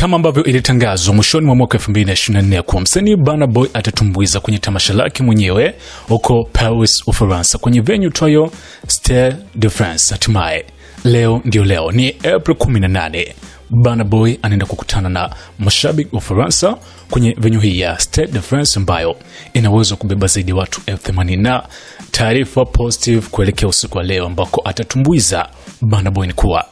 Kama ambavyo ilitangazwa mwishoni mwa mwaka 2024 ya kuwa msanii Burna Boy atatumbuiza kwenye tamasha lake mwenyewe huko Paris, Ufaransa, kwenye venue twayo Stade de France. Hatimaye leo ndio leo, ni April 18, Burna Boy anaenda kukutana na mashabiki wa Ufaransa kwenye venue hii ya Stade de France ambayo inaweza kubeba zaidi watu elfu themanini na taarifa positive kuelekea usiku wa leo ambako atatumbuiza Burna Boy ni kuwa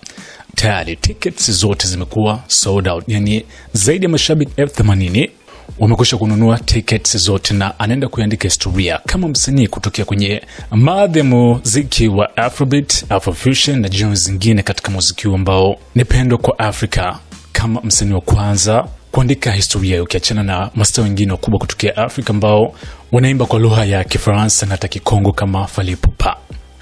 tayari tickets zote zimekuwa sold out, yani zaidi ya mashabiki elfu themanini wamekwisha kununua tickets zote na anaenda kuandika historia kama msanii kutokea kwenye maadhi ya muziki wa Afrobeat, Afrofusion na genre zingine katika muziki huu ambao ni pendwa kwa Afrika kama msanii wa kwanza kuandika historia, ukiachana na mastaa wengine wakubwa kutokea Afrika ambao wanaimba kwa lugha ya Kifaransa na hata Kikongo kama Fally Ipupa.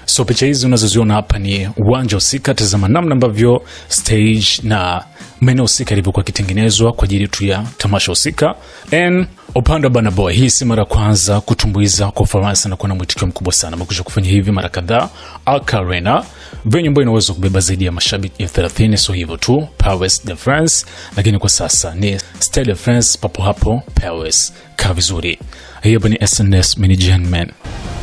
So picha hizi unazoziona hapa ni uwanja husika. Tazama namna ambavyo stage na maeneo husika ilivyokuwa kitengenezwa kwa ajili tu ya tamasha husika. And upande wa Burna Boy, hii si mara kwanza kutumbuiza kwa Ufaransa na kuwa na mwitikio mkubwa sana. Amekwisha kufanya hivi mara kadhaa. Arca Arena, venue ambayo inaweza kubeba zaidi ya mashabiki elfu thelathini. So hivyo tu Paris de France, lakini kwa sasa ni Stade de France, papo hapo Paris. Kaa vizuri, hiyo ni SNS Management